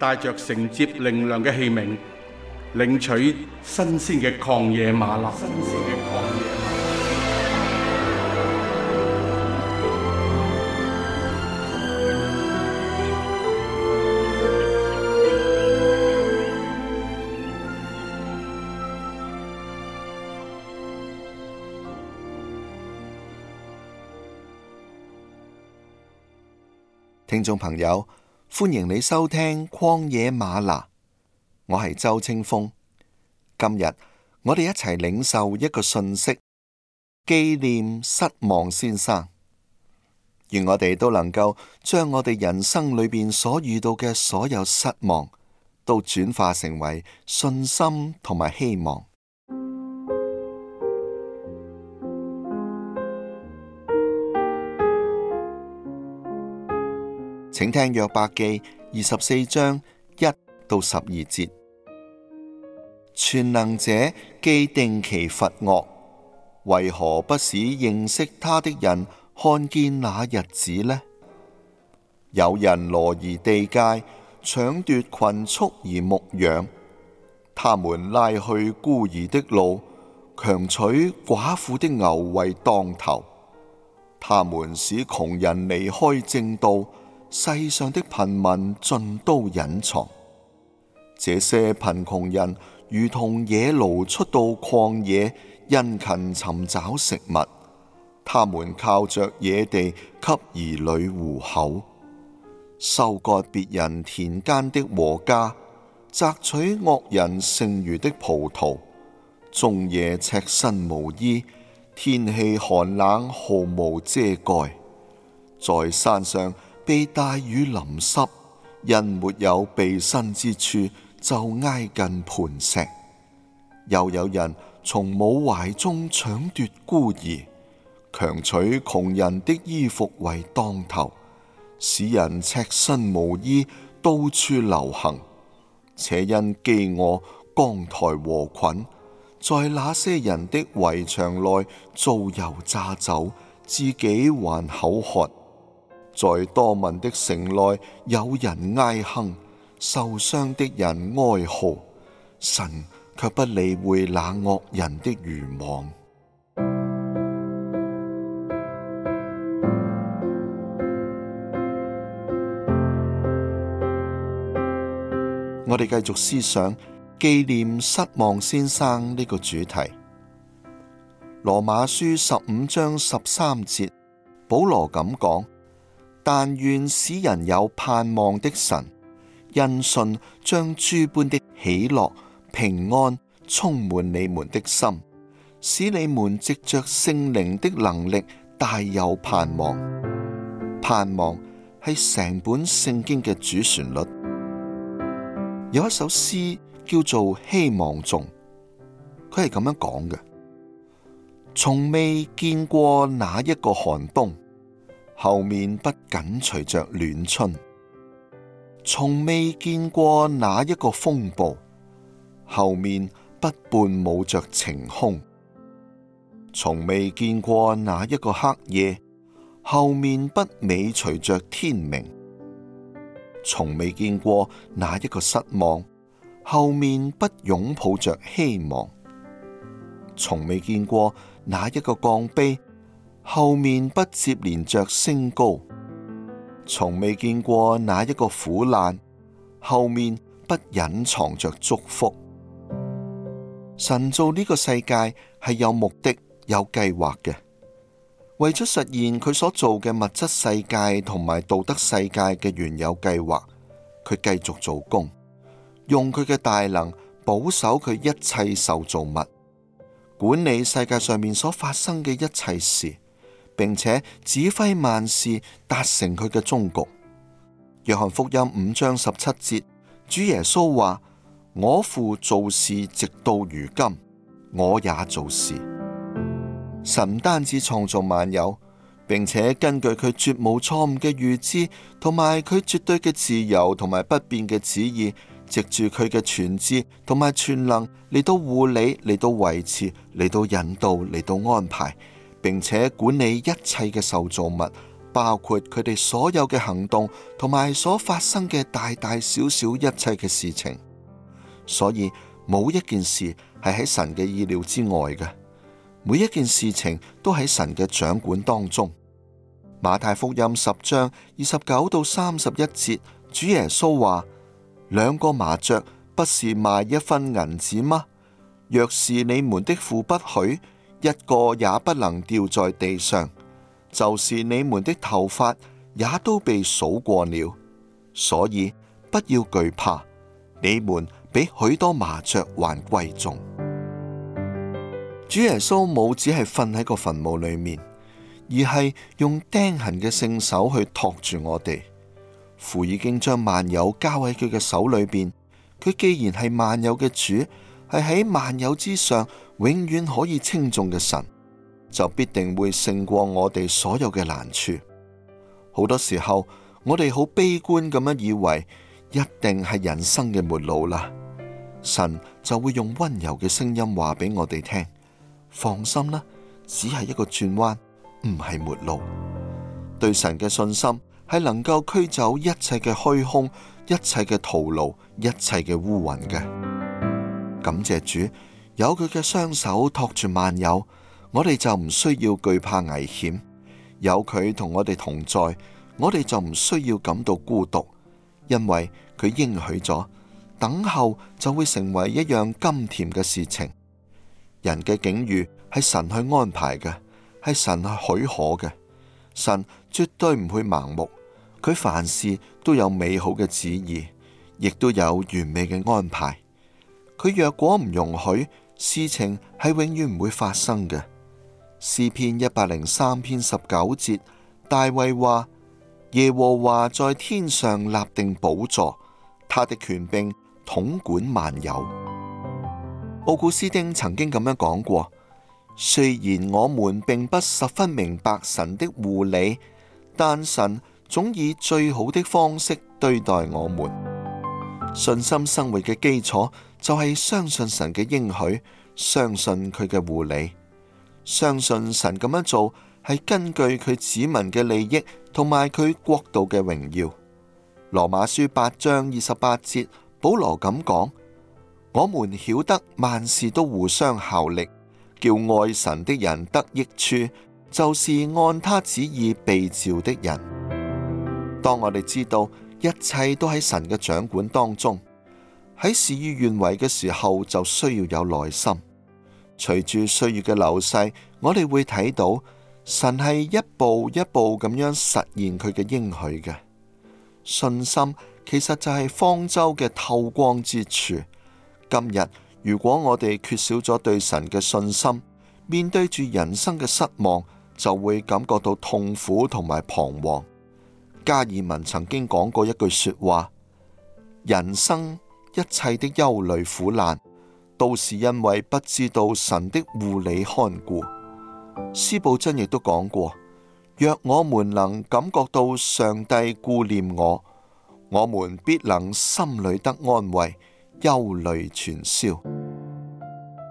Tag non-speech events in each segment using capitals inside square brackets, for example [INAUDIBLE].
帶着承接靈糧嘅器皿，領取新鮮嘅曠野嗎哪。新鮮聽眾朋友。歡迎你收聽《曠野嗎哪》，我係周清風。今日我哋一齊領受一個信息，記念失望先生。願我哋都能夠將我哋人生裏邊所遇到嘅所有失望，都轉化成為信心同埋希望。請聽約伯記二十四章一到十二節。全能者既定期罰惡，為何不使認識他的人看見那日子呢？有人挪移地界，搶奪群畜而牧養，他們拉去孤兒的路，強取寡婦的牛為當頭；他們使窮人離開正道。世上的貧民盡都隱藏，這些貧窮人如同野驢出到曠野，殷勤尋找食物。他們靠着野地給兒女糊口，收割別人田間的禾稼，摘取惡人剩餘的葡萄，終夜赤身無衣，天氣寒冷毫無遮蓋，在山上。被大雨淋濕，因沒有避身之處，就挨近磐石。又有人從母懷中搶奪孤兒，強取窮人的衣服為當頭，使人赤身無衣，到處流行。且因飢餓，扛抬禾捆，在那些人的圍牆內造油榨酒，自己還口渴。在多民的城內，有人哀哼，受傷的人哀嚎，神卻不理會那惡人的愚妄。 [MUSIC] 我哋繼續思想記念失望先生呢個主題。羅馬書十五章十三節，保羅咁講。但願使人有盼望的神，因信將諸般的喜樂、平安充滿你們的心，使你們藉着聖靈的能力大有盼望。盼望係成本聖經嘅主旋律。有一首詩叫做《希望頌》，佢係咁樣講嘅：從未見過哪一個寒冬，後面不緊隨着暖春，從未見過哪一個風暴；後面不伴舞着晴空，從未見過哪一個黑夜；後面不尾隨着天明，從未見過哪一個失望；後面不擁抱着希望，從未見過哪一個鋼碑。後面不接連着升高，從未見過哪一個苦難，後面不隱藏着祝福。神造呢個世界係有目的、有計劃嘅，為咗實現佢所做嘅物質世界同埋道德世界嘅原有計劃，佢繼續做工，用佢嘅大能保守佢一切受造物，管理世界上面所發生嘅一切事。並且指揮萬事達成佢嘅終局。約翰福音五章十七節，主耶穌話：我父做事直到如今，我也做事。神唔單止創造萬有，並且根據佢絕無錯誤嘅預知，同埋佢絕對嘅自由，同埋不變嘅旨意，藉住佢嘅全知同埋全能嚟到護理，嚟到維持，嚟到引導，嚟到安排。並且管理一切嘅受造物，包括佢哋所有嘅行動同埋所發生嘅大大小小一切嘅事情。所以冇一件事係喺神嘅意料之外嘅，每一件事情都喺神嘅掌管當中。馬太福音十章二十九到三十一節，主耶穌話：兩個麻雀不是賣一分銀子嗎？若是你們的父不許。一個也不能掉在地上，就是你們的頭髮也都被數過了，所以不要懼怕，你們比許多麻雀還貴重。 [NOISE] 主耶穌唔只係瞓喺個墳墓裏面，而係用釘痕嘅聖手去托住我哋，父已經將萬有交喺佢嘅手裏邊。佢既然係萬有嘅主，係喺萬有之上。永遠可以稱重嘅神，就必定會勝過我哋所有嘅難處。好多時候，我哋好悲觀咁樣以為，一定係人生嘅末路啦。神就會用溫柔嘅聲音話俾我哋聽：「放心啦，只係一個轉彎，唔係末路。」對神嘅信心係能夠驅走一切嘅虛空、一切嘅徒勞、一切嘅烏雲嘅。感謝主。有佢嘅雙手托住萬有，我哋就唔需要懼怕危險；有佢同我哋同在，我哋就唔需要感到孤獨。因為佢應許咗，等候就會成為一樣甘甜嘅事情。人嘅境遇係神去安排嘅，係神去許可嘅。神絕對唔會盲目，佢凡事都有美好嘅旨意，亦都有完美嘅安排。佢若果唔容許。事情係永遠唔會發生嘅。詩篇一百零三篇十九節，大衛話：耶和華在天上立定寶座，他的權柄統管萬有。奧古斯丁曾經咁樣講過：雖然我們並不十分明白神的護理，但神總以最好的方式對待我們。信心生活嘅基礎。就係相信神嘅應許，相信佢嘅護理，相信神咁樣做係根據佢子民嘅利益同埋佢國度嘅榮耀。羅馬書八章二十八節，保羅咁講：我們曉得萬事都互相效力，叫愛神的人得益處，就是按他旨意被召的人。當我哋知道一切都喺神嘅掌管當中。喺事與願違嘅時候，就需要有耐心。隨住歲月嘅流逝，我哋會睇到神係一步一步咁樣實現佢嘅應許。信心其實就係方舟嘅透光之處。今日如果我哋缺少咗對神嘅信心，面對住人生嘅失望，就會感覺到痛苦同埋彷徨。加爾文曾經講過一句說話：人生。一切的憂慮苦難，都是因為不知道神的護理看顧。司布真亦都講過：若我們能感覺到上帝顧念我，我們必能心裏得安慰，憂慮全消。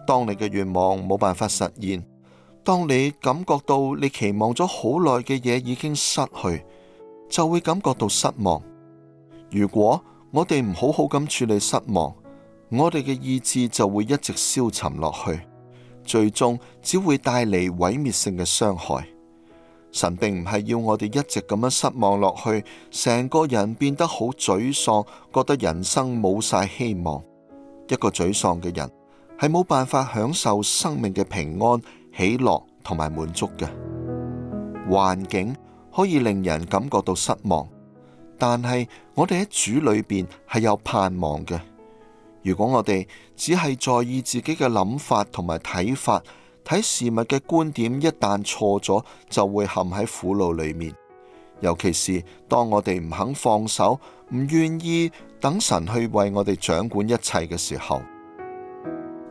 當你嘅願望冇辦法實現，當你感覺到你期望咗好耐嘅嘢已經失去，就會感覺到失望。如果，我哋唔好好咁處理失望，我哋嘅意志就會一直消沉落去，最終只會帶嚟毀滅性嘅傷害。神並唔係要我哋一直咁樣失望落去，成個人變得好沮喪，覺得人生冇晒希望。一個沮喪嘅人係冇辦法享受生命嘅平安、喜樂同埋滿足㗎。環境可以令人感覺到失望，但係，我哋喺主裏邊係有盼望嘅。如果我哋只係在意自己嘅諗法同埋睇法，睇事物嘅觀點，一旦錯咗，就會陷喺苦惱裏面。尤其是當我哋唔肯放手，唔願意等神去為我哋掌管一切嘅時候，《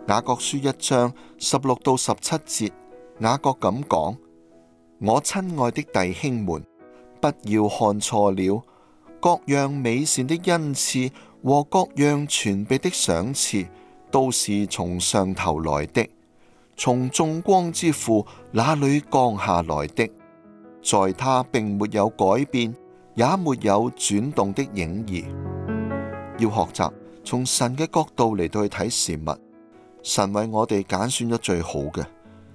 雅各書》一章十六到十七節，雅各咁講：我親愛的弟兄們，不要看錯了。各樣美善的恩賜和各樣全備的賞賜，都是從上頭來的，從眾光之父那裏降下來的，在他並沒有改變，也沒有轉動的影兒。要學習從神嘅角度嚟到去睇事物，神為我哋揀選咗最好嘅，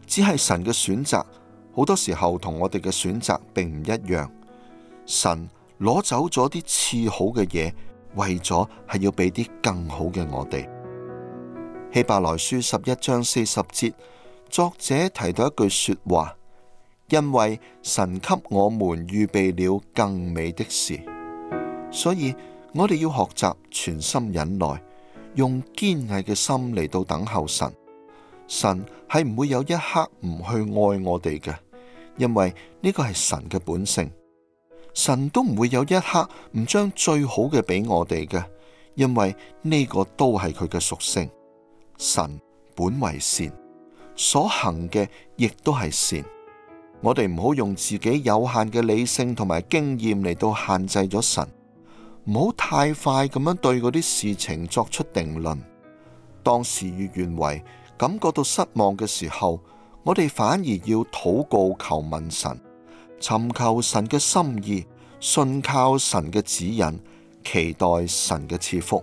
只係神嘅選擇，好多時候同我哋嘅選擇並唔一樣，神。攞走咗啲次好嘅嘢，為咗係要俾啲更好嘅我哋。希伯來書十一章四十節，作者提到一句說話：因為神給我們預備了更美的事，所以我哋要學習全心忍耐，用堅毅嘅心嚟到等候神。神係唔會有一刻唔去愛我哋嘅，因為呢個係神嘅本性。神都唔會有一刻唔將最好嘅俾我哋嘅，因為呢個都係佢嘅屬性。神本為善，所行嘅亦都係善。我哋唔好用自己有限嘅理性同埋經驗嚟到限制咗神，唔好太快咁樣對嗰啲事情作出定論。當事與願違，感覺到失望嘅時候，我哋反而要禱告求問神。尋求神嘅心意，信靠神嘅指引，期待神嘅賜福。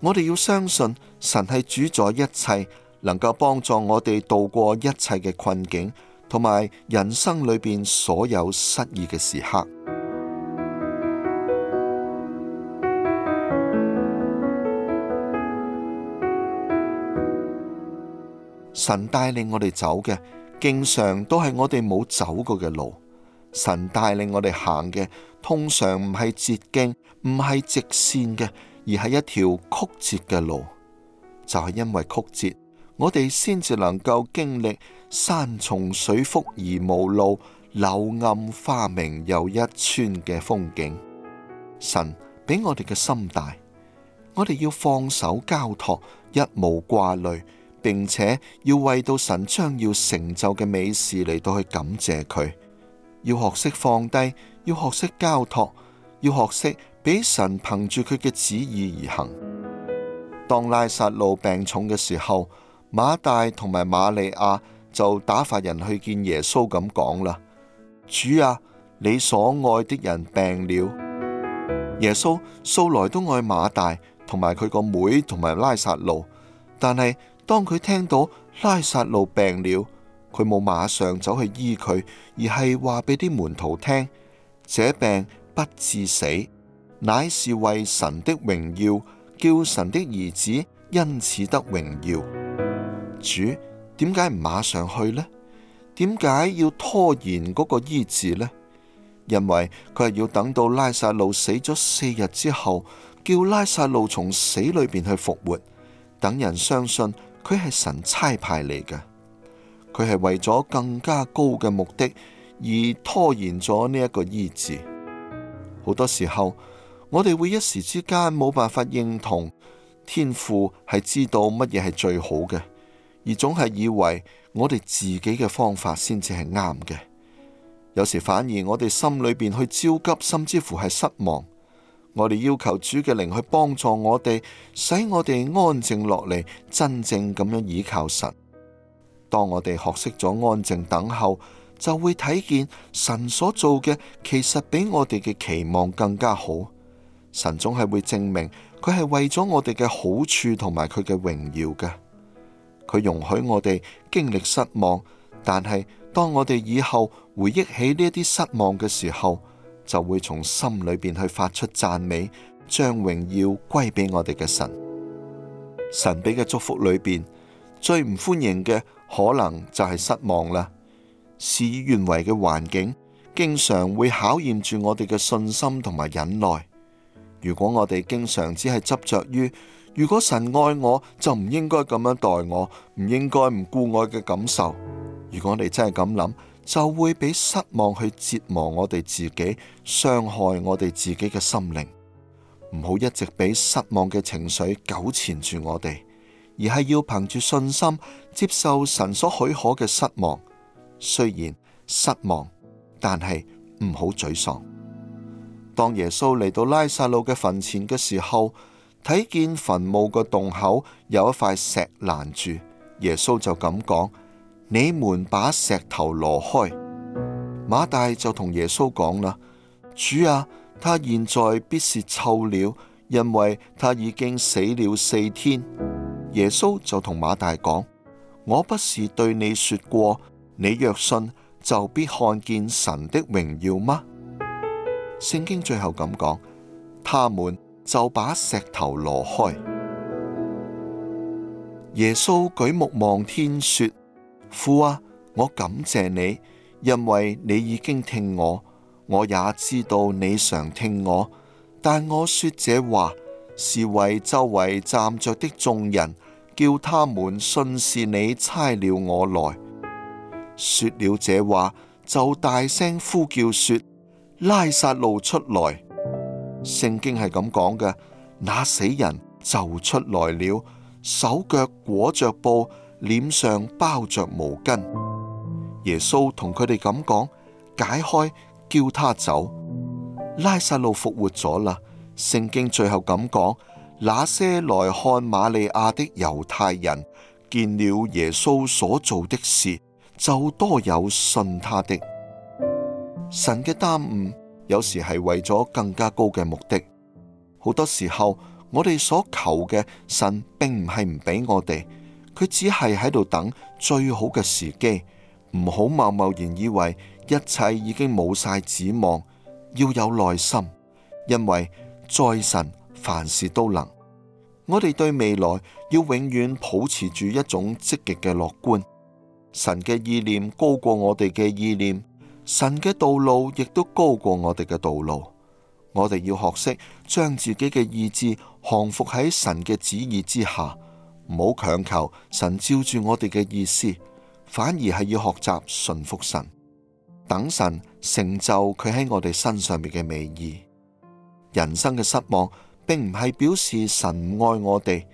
我哋要相信神係主宰一切，能夠幫助我哋度過一切嘅困境，同埋人生裏邊所有失意嘅時刻。神帶領我哋走嘅，經常都係我哋冇走過嘅路。神帶領我哋行嘅，通常唔係捷徑，唔係直線嘅，而係一條曲折嘅路。就係因為曲折，我哋先至能夠經歷山重水復而無路、柳暗花明又一村嘅風景。神俾我哋嘅心大，我哋要放手交託，一無掛慮，並且要為到神將要成就嘅美事嚟到去感謝佢。要學識放低，要學識交託，要學識俾神憑住佢嘅旨意而行。當拉撒路病重嘅時候，馬大同埋瑪利亞就打發人去見耶穌咁講啦：「主啊，你所愛的人病了。」耶穌素來都愛馬大同埋佢個妹同埋拉撒路，但係當佢聽到拉撒路病了。佢冇馬上走去醫佢，而係話俾啲門徒聽：這病不致死，乃是為神的榮耀，叫神的兒子因此得榮耀。主點解唔馬上去呢？點解要拖延嗰個醫治呢？因為佢係要等到拉撒路死咗四日之後，叫拉撒路從死裏邊去復活，等人相信佢係神差派嚟嘅。佢係為咗更加高嘅目的而拖延咗呢一個醫治。好多時候，我哋會一時之間冇辦法認同天父係知道乜嘢係最好嘅，而總係以為我哋自己嘅方法先至係啱嘅。有時反而我哋心裏邊去焦急，甚至乎係失望。我哋要求主嘅靈去幫助我哋，使我哋安靜落嚟，真正咁樣依靠神。當我哋學識咗安靜等候，就會睇見神所做嘅其實比我哋嘅期望更加好。神總係會證明佢係為咗我哋嘅好處同埋佢嘅榮耀嘅。佢容許我哋經歷失望，但係當我哋以後回憶起呢啲失望嘅時候，就會從心裏邊去發出讚美，將榮耀歸俾我哋嘅神。神俾嘅祝福裏邊最唔歡迎嘅。可能就係失望啦。事與願違嘅環境經常會考驗住我哋嘅信心同埋忍耐。如果我哋經常只係執着於如果神愛我，就唔應該咁樣待我，唔應該唔顧我嘅感受。如果我哋真係咁諗，就會俾失望去折磨我哋自己，傷害我哋自己嘅心靈。唔好一直俾失望嘅情緒糾纏住我哋。而係要憑住信心接受神所許可嘅失望，雖然失望，但係唔好沮喪。當耶穌嚟到拉撒路嘅墳前嘅時候，睇見墳墓個洞口有一塊石攔住，耶穌就咁講：你們把石頭挪開。馬大就同耶穌講啦：主啊，他現在必是臭了，因為他已經死了四天。耶穌就同馬大講：我不是對你說過，你若信，就必看見神的榮耀嗎？聖經最後咁講，他們就把石頭挪開。耶穌舉目望天說：父啊，我感謝你，因為你已經聽我，我也知道你常聽我，但我說這話。是為周圍站着的眾人，叫他們信是你差了我來。說了這話，就大聲呼叫說：拉撒路出來！聖經係咁講嘅，那死人就出來了，手腳裹着布，臉上包着毛巾。耶穌同佢哋咁講，解開，叫他走。拉撒路復活咗啦。聖經最後咁講，那些來看瑪利亞的猶太人見了耶穌所做的事，就多有信他的。神嘅耽誤有時係為咗更加高嘅目的。好多時候我哋所求嘅神，並不不，並唔係唔俾我哋，佢只係喺度等最好嘅時機。唔好貿貿然以為一切已經冇晒指望，要有耐心，因為。在神凡事都能，我哋對未來要永遠保持住一種積極嘅樂觀。神嘅意念高過我哋嘅意念，神嘅道路亦都高過我哋嘅道路。我哋要學識將自己嘅意志降服喺神嘅旨意之下，唔好強求神照住我哋嘅意思，反而係要學習順服神，等神成就佢喺我哋身上面嘅美意。人生嘅失望，並唔係表示神唔愛我哋，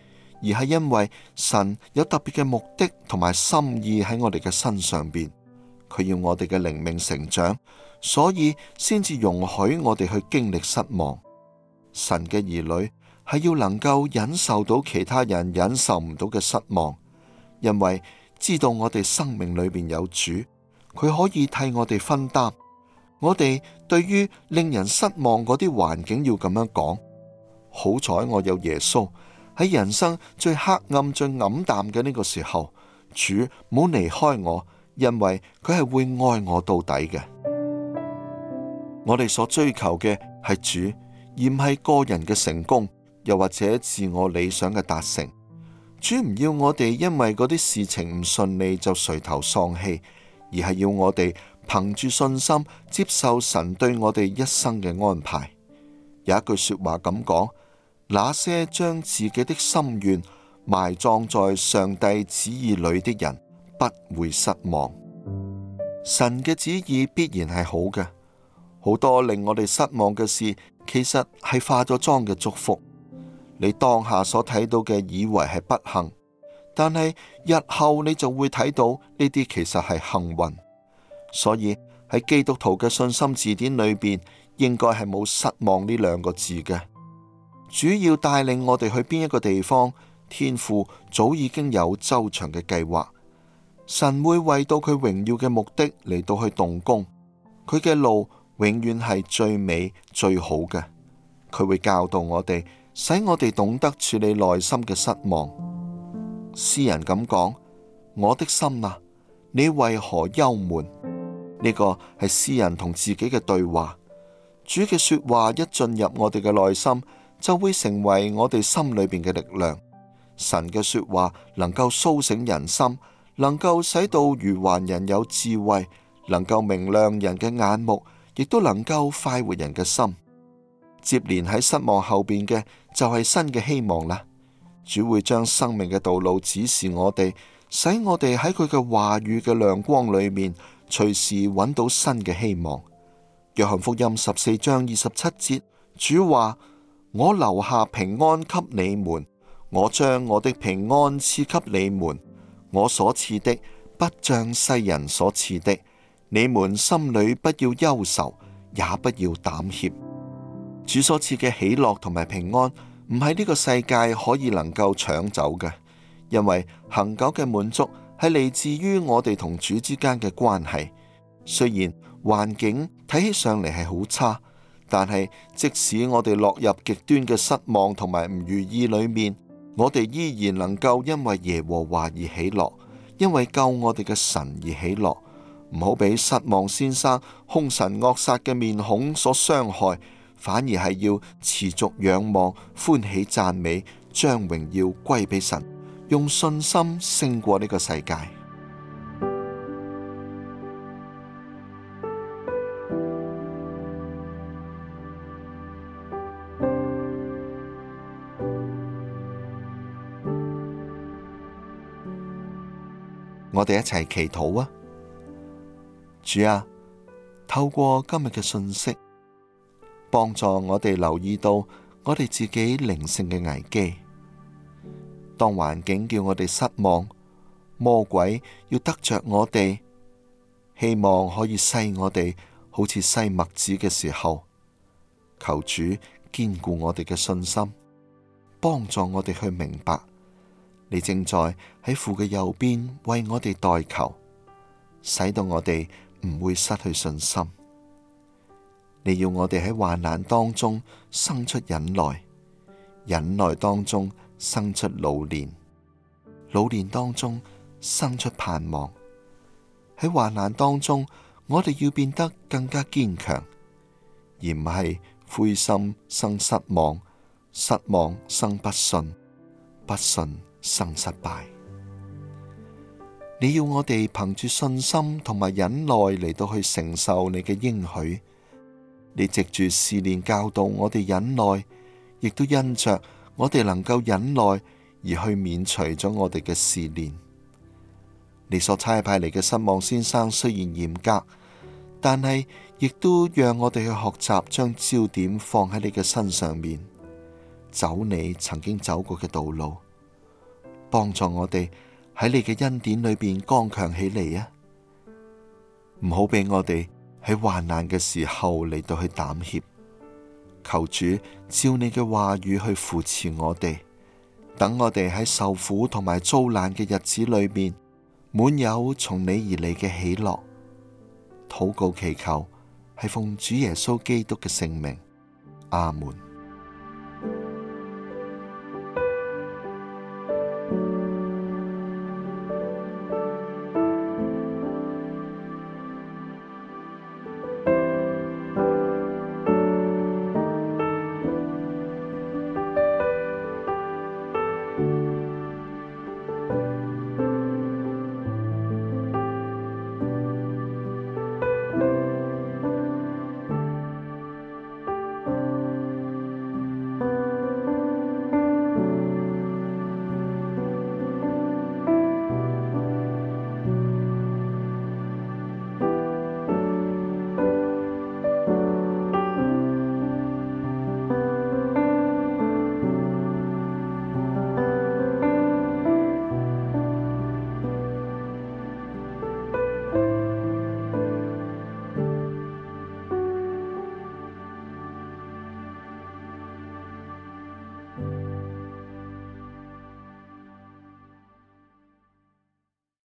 而係因為神有特別嘅目的同埋心意喺我哋嘅身上邊，佢要我哋嘅靈命成長，所以先至容許我哋去經歷失望。神嘅兒女係要能夠忍受到其他人忍受唔到嘅失望，因為知道我哋生命裏邊有主，佢可以替我哋分擔。我哋對於令人失望嗰啲環境要咁樣講，好彩我有耶穌。喺人生最黑暗，最黯淡嘅呢個時候，主唔好離開我，因為佢係會愛我到底嘅。我哋所追求嘅係主，而唔係個人嘅成功，又或者自我理想嘅達成。主唔要我哋因為嗰啲事情唔順利就垂頭喪氣，而係要我哋。憑住信心接受神對我哋一生嘅安排，有一句說話咁講：那些將自己的心願埋葬在上帝旨意裏的人，不會失望。神嘅旨意必然係好嘅，好多令我哋失望嘅事，其實係化咗妝嘅祝福。你當下所睇到嘅以為係不幸，但係日後你就會睇到呢啲其實係幸運。所以喺基督徒嘅信心字典裏邊，應該係冇失望呢兩個字嘅。主要帶領我哋去邊一個地方，天父早已經有周詳嘅計劃，神會為到佢榮耀嘅目的嚟到去動工，佢嘅路永遠係最美最好嘅。佢會教導我哋，使我哋懂得處理內心嘅失望。詩人咁講：我的心啊，你為何憂悶？呢個係詩人同自己嘅對話。主嘅說話一進入我哋嘅內心，就會成為我哋心裏邊嘅力量。神嘅說話能夠甦醒人心，能夠使到愚人有智慧，能夠明亮人嘅眼目，亦都能夠快活人嘅心。接連喺失望後邊嘅就係新嘅希望啦。主會將生命嘅道路指示我哋，使我哋喺佢嘅話語嘅亮光裏面。隨時揾到新嘅希望。約翰福音十四章二十七節，主話：我留下平安給你們，我將我的平安賜給你們，我所賜的不像世人所賜的。你們心裏不要憂愁，也不要膽怯。主所賜嘅喜樂同埋平安，唔喺呢個世界可以能夠搶走嘅，因為恆久嘅滿足。係嚟自於我哋同主之間嘅關係，雖然環境睇起上嚟係好差，但係即使我哋落入極端嘅失望同埋唔如意裏面，我哋依然能夠因為耶和華而喜樂，因為救我哋嘅神而喜樂。唔好俾失望先生，兇神惡煞嘅面孔所傷害，反而係要持續仰望、歡喜讚美，將榮耀歸俾神。用信心勝過呢個世界。我哋一齊祈禱啊！主啊，透過今日嘅信息，幫助我哋留意到我哋自己靈性嘅危機。當環境叫我哋失望，魔鬼要得着我哋，希望可以篩我哋，好似篩麥子嘅時候，求主堅固我哋嘅信心，幫助我哋去明白，你正在喺父嘅右邊為我哋代求，使到我哋唔會失去信心。你要我哋喺患難當中生出忍耐，忍耐當中。生出老練，老練當中生出盼望，喺患難當中，我哋要變得更加堅強，而唔係灰心生失望，失望生不信，不信生失敗。你要我哋憑住信心同埋忍耐嚟到去承受你嘅應許，你藉住試煉教導我哋忍耐，亦都因着。我哋能夠忍耐而去免除咗我哋嘅試煉。你所差派嚟嘅失望先生雖然嚴格，但係亦都讓我哋去學習將焦點放喺你嘅身上面，走你曾經走過嘅道路，幫助我哋喺你嘅恩典裏邊剛強起嚟啊！唔好俾我哋喺患難嘅時候嚟到去膽怯。求主照你嘅話語去扶持我哋，等我哋喺受苦同埋遭難嘅日子裏面，滿有從你而嚟嘅喜樂。禱告祈求，係奉主耶穌基督嘅聖名，阿門。